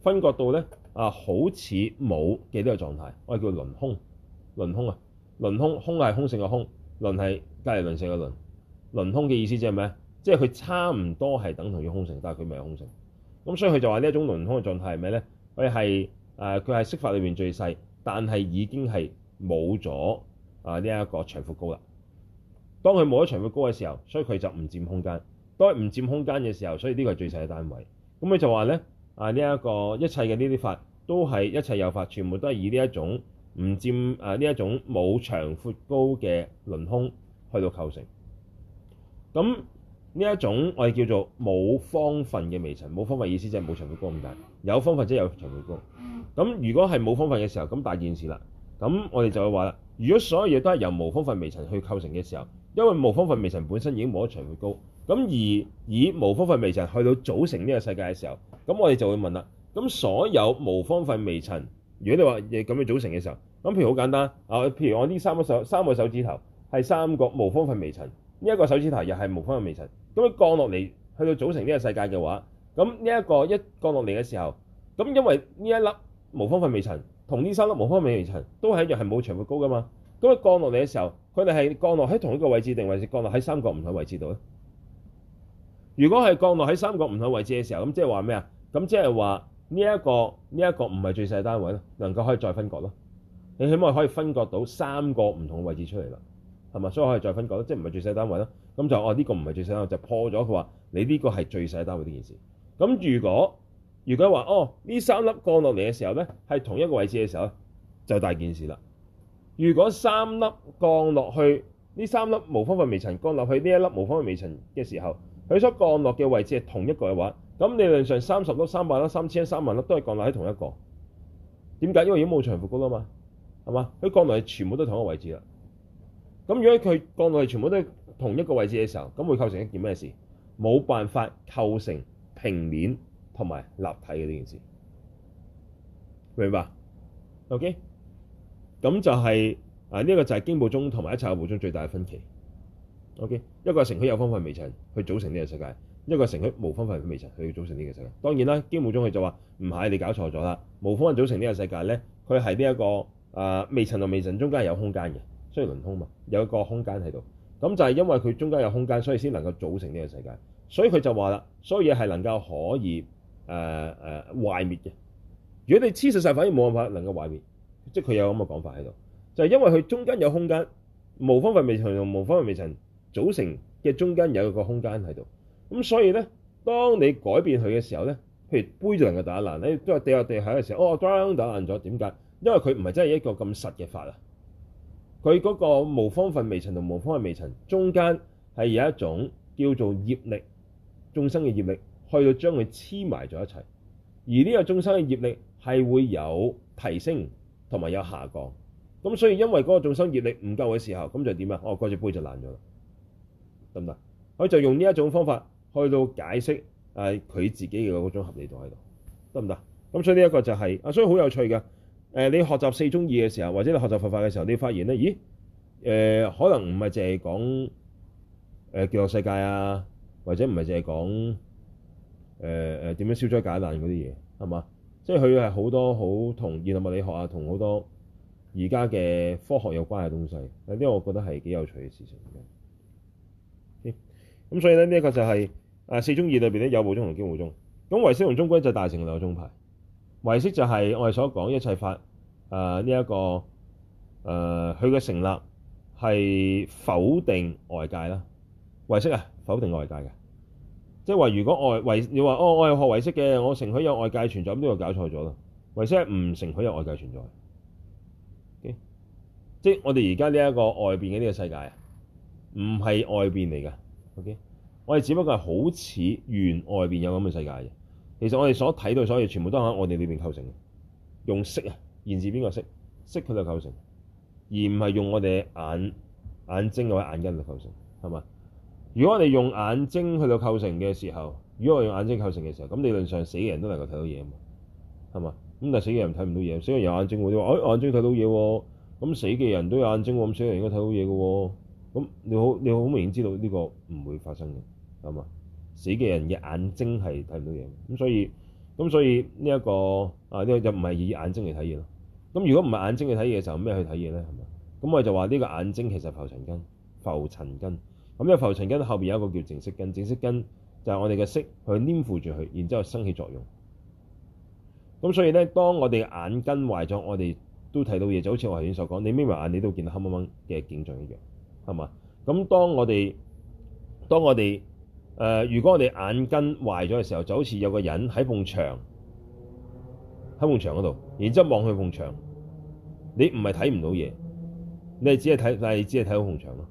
分割到咧啊，好似冇嘅呢個狀態，我哋叫輪空，輪空啊，輪空空係空性嘅空，輪係隔籬輪性嘅輪，輪空嘅意思即係咩？即係佢差唔多係等同於空性，但係佢唔係空性。咁所以佢就話呢一種輪空嘅狀態係咩咧？佢係誒佢係色法裏面最細，但係已經係冇咗啊呢一個長闊高啦。當佢冇咗長闊高嘅時候，所以佢就唔佔空間。當佢唔佔空間嘅時候，所以呢個係最細嘅單位。咁佢就話咧啊呢一、呢個一切嘅呢啲法都係一切有法，全部都係以呢一種唔佔誒呢、呃、一種冇長闊高嘅輪空去到構成咁。呢一種我哋叫做冇方分嘅微塵，冇方分意思就係冇長度高咁大。有方分，即係有長度高。咁如果係冇方分嘅時候，咁大件事啦。咁我哋就會話啦，如果所有嘢都係由無方分微塵去構成嘅時候，因為無方分微塵本身已經冇長度高。咁而以無方分微塵去到組成呢個世界嘅時候，咁我哋就會問啦。咁所有無方分微塵，如果你話咁樣組成嘅時候，咁譬如好簡單啊，譬如我呢三個手三個手指頭係三個無方分微塵。呢、這、一個手指頭又係無方分嘅微塵，咁佢降落嚟去到組成呢個世界嘅話，咁呢一個一降落嚟嘅時候，咁因為呢一粒無方分嘅微塵同呢三粒無方分嘅微塵都係一樣，係冇長闊高噶嘛，咁佢降落嚟嘅時候，佢哋係降落喺同一個位置定還是降落喺三個唔同位置度咧？如果係降落喺三個唔同嘅位置嘅時候，咁即係話咩啊？咁即係話呢一個呢一、這個唔係最細單位咯，能夠可以再分割咯，你起碼可以分割到三個唔同嘅位置出嚟啦。係嘛？所以我係再分講即係唔係最細單位啦？咁就哦呢、啊呢個唔係最細單位，就破咗佢話你呢個係最細單位呢件事。咁如果如果話哦呢三粒降落嚟嘅時候咧，係同一個位置嘅時候咧，就大件事啦。如果三粒降落去呢，三粒無方分微塵降落去呢一粒無方分微塵嘅時候，佢所降落嘅位置係同一個嘅話，咁理論上三十粒、三百粒、三千三萬粒都係降落喺同一個。點解？因為已經冇長闊高啊嘛，係嘛？佢降落係全部都同一個位置啦。咁如果佢降落嚟全部都同一個位置嘅時候，咁會構成一件咩事？冇辦法構成平面同埋立體嘅呢件事，明白嗎？OK，咁就係、是、啊呢、這個就係經部中同埋一切有部中最大嘅分歧。OK，一個係城區有方分微塵去組成呢個世界，一個係城區無方分微塵去組成呢個世界。當然啦，經部中佢就話唔係，你搞錯咗啦，無方分組成呢個世界咧，佢係邊一個啊？未、呃、塵同微塵中間有空間嘅。雖然輪空嘛，有一個空間喺度，咁就係因為佢中間有空間，所以先能夠組成呢個世界。所以佢就話啦，所以係能夠可以誒誒、呃呃、壞滅嘅。如果你黐實晒，反而冇辦法能夠壞滅，即係佢有咁嘅講法喺度，就係、是、因為佢中間有空間，無方法未曾用，無方法未曾組成嘅中間有一個空間喺度。咁所以咧，當你改變佢嘅時候咧，譬如杯就能夠打爛，你都係掉落地下嘅時候，哦，打爛咗點解？因為佢唔係真係一個咁實嘅法啊。佢嗰個無方分微塵同無方分微塵，分微塵中間係有一種叫做業力眾生嘅業力，去到將佢黐埋咗一齊。而呢個眾生嘅業力係會有提升同埋有下降。咁所以因為嗰個眾生業力唔夠嘅時候，咁就點啊？我、哦、嗰隻杯就爛咗啦，得唔得？佢就用呢一種方法去到解釋誒佢自己嘅嗰種合理度喺度，得唔得？咁所以呢一個就係、是、啊，所以好有趣㗎。誒、呃，你學習四宗義嘅時候，或者你學習佛法嘅時候，你會發現咧，咦？誒、呃，可能唔係淨係講誒《極、呃、樂世界》啊，或者唔係淨係講誒誒點樣消災解難嗰啲嘢，係嘛？即係佢係好多好同現代物理學啊，同好多而家嘅科學有關嘅東西，呢、呃、啲、這個、我覺得係幾有趣嘅事情咁、嗯、所以咧，呢、這、一個就係、是、啊、呃、四宗義裏邊啲有部宗同經部宗。咁唯識同中觀就大乘兩個宗派，唯識就係我哋所講一切法。誒、呃、呢一個誒，佢、呃、嘅成立係否定外界啦。唯識啊，否定外界嘅，即係話如果外唯你話哦，我係學唯識嘅，我承許有外界存在，咁、這、呢個搞錯咗啦。唯識係唔承許有外界存在，okay? 即係我哋而家呢一個外邊嘅呢個世界啊，唔係外邊嚟嘅。O.K. 我哋只不過係好似原外邊有咁嘅世界嘅。其實我哋所睇到所有全部都喺我哋裏邊構成，嘅，用識啊。現時邊個識？識佢就構成，而唔係用我哋眼眼睛或者眼睛嚟構成，係嘛？如果我哋用眼睛去到構成嘅時候，如果我用眼睛構成嘅時候，咁理論上死嘅人都能夠睇到嘢啊嘛，係嘛？咁但死嘅人睇唔到嘢，死嘅人有眼睛會點話？誒、哎，眼睛睇到嘢喎、啊，咁死嘅人都有眼睛喎，咁死嘅人應該睇到嘢嘅喎，咁你好你好明顯知道呢個唔會發生嘅，係嘛？死嘅人嘅眼睛係睇唔到嘢，咁所以咁所以呢、這、一個啊呢、這個就唔係以眼睛嚟睇嘢咯。咁如果唔係眼睛去睇嘢嘅時候，咩去睇嘢咧？係嘛？咁我就話呢個眼睛其實是浮塵根、浮塵根。咁呢個浮塵根後邊有一個叫淨色根，淨色根就係我哋嘅色去黏附住佢，然之後生起作用。咁所以咧，當我哋眼根壞咗，我哋都睇到嘢，就好似我頭先所講，你眯埋眼你都見到黑掹掹嘅景象一樣，係嘛？咁當我哋當我哋誒、呃，如果我哋眼根壞咗嘅時候，就好似有個人喺埲牆喺埲牆嗰度，然之後望向埲牆。你唔係睇唔到嘢，你係只係睇，但係只係睇到紅牆咯。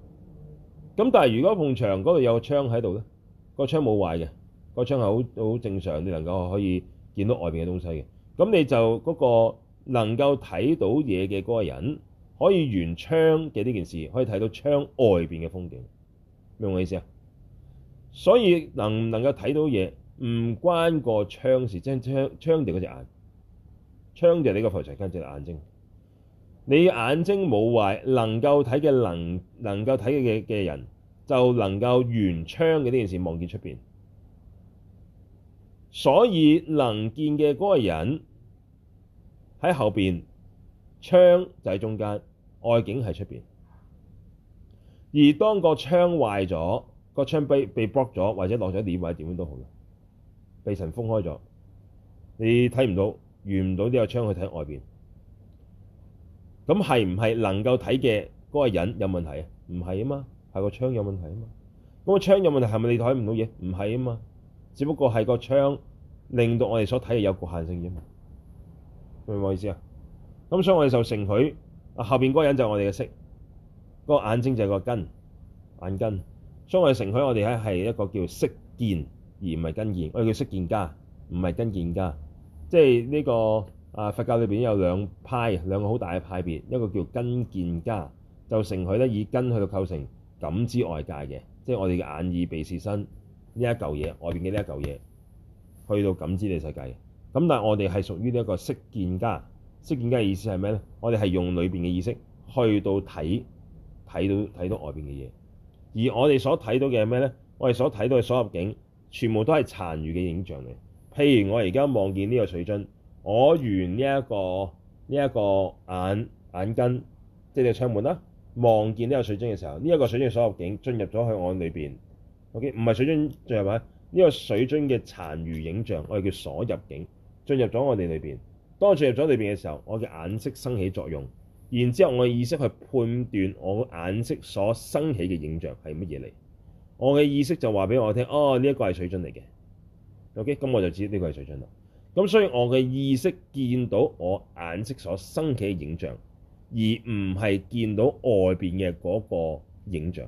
咁但係如果紅牆嗰度有個窗喺度咧，個窗冇壞嘅，個窗係好好正常，你能夠可以見到外邊嘅東西嘅。咁你就嗰個能夠睇到嘢嘅嗰個人，可以沿窗嘅呢件事，可以睇到窗外邊嘅風景。明白我意思啊？所以能唔能夠睇到嘢，唔關個窗事，即係窗窗住嗰隻眼，窗住你個浮牆間隻眼睛。你眼睛冇壞，能夠睇嘅能能夠睇嘅嘅人，就能夠圓窗嘅呢件事望見出面。所以能見嘅嗰個人喺後面，窗就喺中間，外景喺出面。而當個窗壞咗，個窗被被 block 咗，或者落咗簾位點樣都好啦，被塵封開咗，你睇唔到，圓唔到呢個窗去睇外面。咁係唔係能夠睇嘅嗰個人有問題啊？唔係啊嘛，係個窗有問題啊嘛。咁、嗰個窗有問題係咪你睇唔到嘢？唔係啊嘛，只不過係個窗令到我哋所睇嘅有局限性啫嘛。明唔明我意思啊？咁所以我哋就承許啊，後面嗰個人就係我哋嘅識，個眼睛就係個根眼根。所以我哋承許我哋咧係一個叫識見而唔係根見。根我哋叫識見家，唔係根見家。即係呢、個。啊！佛教裏邊有兩派兩個好大嘅派別，一個叫根見家，就成佢咧以根去到構成感知外界嘅，即係我哋嘅眼耳鼻舌身呢一嚿嘢，外邊嘅呢一嚿嘢去到感知你世界。咁但係我哋係屬於呢一個識見家，識見家嘅意思係咩呢？我哋係用裏邊嘅意識去到睇睇到睇到外邊嘅嘢，而我哋所睇到嘅係咩呢？我哋所睇到嘅所有景，全部都係殘餘嘅影像嚟。譬如我而家望見呢個水樽。我完呢一個呢一個眼眼根，即係隻窗門啦，望見呢個水晶嘅時候，呢一個水晶所入境進入咗去我裏面。O K，唔係水晶進入啊，呢個水晶嘅殘餘影像，我哋叫所入境進入咗我哋裏面。當我進入咗裏面嘅時候，我嘅眼識生起作用，然之後我嘅意識去判斷我眼識所生起嘅影像係乜嘢嚟。我嘅意識就話俾我聽，哦，呢一個係水晶嚟嘅。O K，咁我就知呢個係水晶啦。咁所以，我嘅意識見到我眼識所生起嘅影像，而唔係見到外面嘅嗰個影像。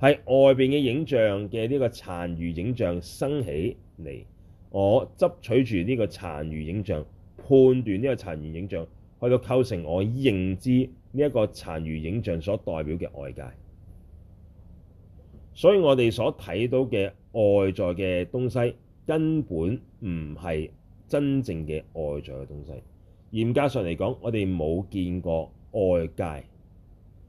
係外面嘅影像嘅呢個殘餘影像生起嚟，我執取住呢個殘餘影像，判斷呢個殘餘影像，去到構成我認知呢一個殘餘影像所代表嘅外界。所以我哋所睇到嘅外在嘅東西，根本唔係。真正嘅外在嘅東西，嚴格上嚟講，我哋冇見過外界，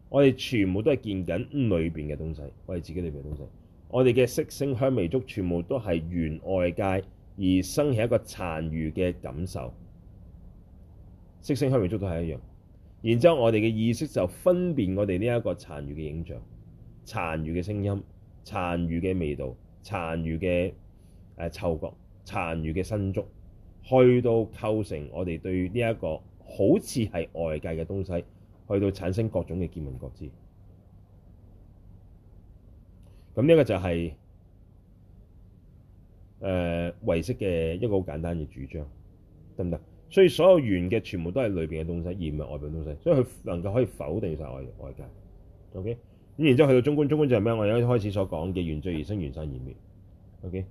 我哋全部都係見緊裏邊嘅東西，我哋自己裏邊嘅東西。我哋嘅色、聲、香、味、觸，全部都係緣外界而生起一個殘餘嘅感受。色、聲、香、味、觸都係一樣。然之後，我哋嘅意識就分辨我哋呢一個殘餘嘅影像、殘餘嘅聲音、殘餘嘅味道、殘餘嘅誒、呃、嗅覺、殘餘嘅身觸。去到構成我哋對呢、這、一個好似係外界嘅東西，去到產生各種嘅見聞覺知。咁呢個個就係、是、誒、呃、唯識嘅一個好簡單嘅主張，得唔得？所以所有緣嘅全部都係裏面嘅東西，而唔係外面嘅東西，所以佢能夠可以否定晒外外界。OK，咁然之後去到中觀，中觀就係咩？我哋一開始所講嘅緣聚而生，緣散而滅。OK。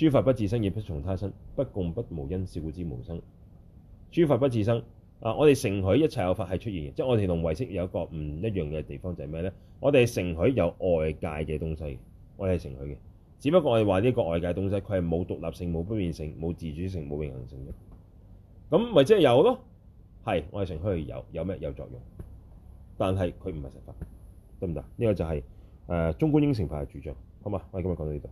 諸法不自生，亦不從他生，不共不無因，是故知無生。諸法不自生，啊，我哋承許一切有法係出現嘅，即係我哋同唯識有個唔一樣嘅地方就係咩咧？我哋承許有外界嘅東西，我哋係承許嘅，只不過我哋話呢個外界東西佢係冇獨立性、冇不變性、冇自主性、冇永恒性嘅。咁咪即係有咯，係我哋承許係有，有咩有作用？但係佢唔係實法，得唔得？呢個就係，誒，中觀應成派嘅主張，好嘛？我哋今日講到呢度。